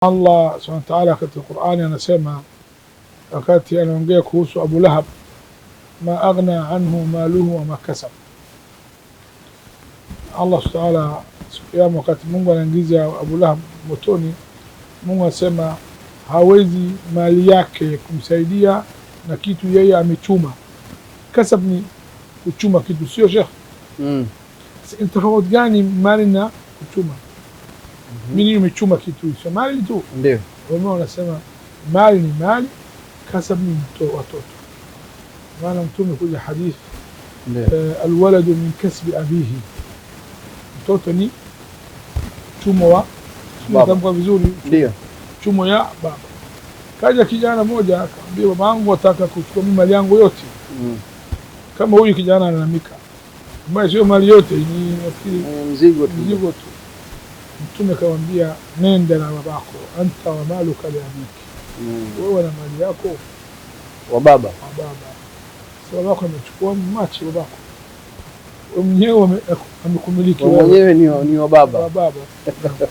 الله سبحانه وتعالى قلت القرآن أنا سمع فقلت أن أنقيك هوس أبو لهب ما أغنى عنه ماله وما كسب الله سبحانه وتعالى سبحانه وقت مونغو ننجيزي أبو لهب متوني مونغو سمع هاويزي مالياك كم سيدية نكيتو يأي أمي تشوما كسبني كتشوما كيتو سيو شيخ انت فقط جاني مالنا كتشوما -hmm. Mimi nimechuma kitu hicho mali tu, ndio wao wanasema mali ni mali, kasab ni watoto. Maana Mtume kuja hadithi uh, alwaladu min kasbi abihi, mtoto ni chumo wa tamka vizuri, ndio chumo ya baba. Kaja kijana moja akamwambia, yangu wataka kuchukua mimi mali yangu yote mm. Kama huyu kijana analalamika, ambaye sio mali yote, ni nafikiri mzigo tu Mtume akamwambia nenda na babako, anta wa maluka li abiki, mm. wewe na mali yako wa baba wa baba. So babako amechukua mmachi babako mwenyewe amekumiliki, mwenyewe ni wa baba wa baba